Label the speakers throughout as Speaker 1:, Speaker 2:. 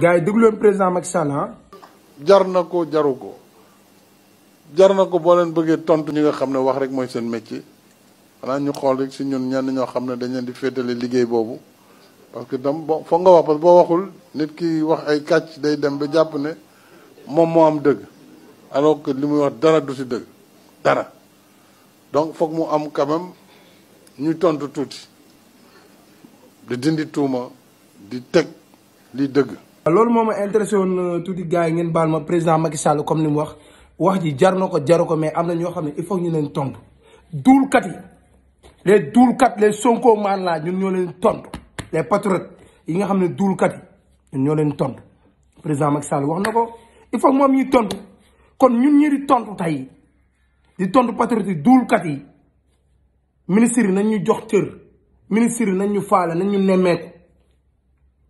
Speaker 1: gars dugu déglu leen président Macky Sall ah.
Speaker 2: jar na ko jaru ko jar na ko boo leen bëggee tontu ñi nga xamné wax rek moy seen métier xanaa ñu xol rek si ñun ñan ño xamné dañ leen di féetale liggéey bobu parce que dam fo nga wax bo waxul nit ki wax ay katch day dem ba japp né mom mo am deug alors que limuy wax dara du ci deug dara donc fokk mu am quand même ñu tontu tuuti di dindi tuuma di tek li deug
Speaker 1: loolu moom a intéressé woon euh, tuuti gars yi ngeen baal ma président Macky Sall comme ni mu wax wax ji jar na ko jaru ko mais am na ñoo xam ne il faut ñu leen tontu duulkat yi les duulkat les Sonko maan laa ñun ñoo leen tontu les patriotes yi nga xam ne duulkat yi ñoo leen tontu président Macky Sall wax na ko il faut moom ñuy tontu kon ñun ñi di tontu tey di tontu patriotes yi duulkat yi ministre yi nañ ñu jox cër ministre nañ ñu faale nañ ñu nemmeeku.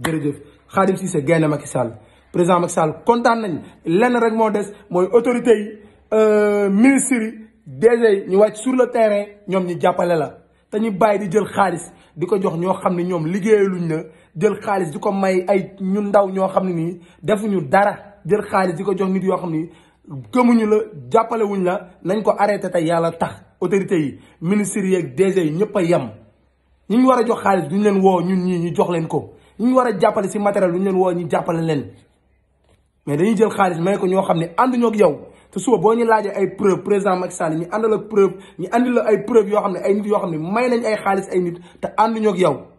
Speaker 1: jërëjëf Khadim Cissé gaynde Macky Sall président Macky Sall kontaan nañ lenn rek moo des mooy autorités yi euh, ministres yi DG ñu wàcc sur le terrain ñoom ñu jàppale la te bàyyi di jël xaalis di ko jox ñoo xam ne ñoom liggéeyaluñ la jël xaalis di ko may ay ñu ndaw ñoo xam ne nii defuñu dara jël xaalis di ko jox nit yoo xam ni gëmuñu la jàppalewuñ la nañ ko arrêté te yàlla tax autorités yi ministres yeeg DG yi ñëpp a yem ñi ñu war a jox xaalis duñ leen woo ñun ñii ñu jox leen ko. ñu war a jàppale si matériel lu ñu leen woo ñu jàppale leen mais dañuy jël xaalis may ko ñoo xam ne ànduñoo ak yow te suba boo ñu laajee ay preuve président Macky Sall ñu àndal la preuve ñu andi la ay preuve yoo xam ne ay nit yoo xam ne may nañ ay xaalis ay nit te ànduñoo ak yow.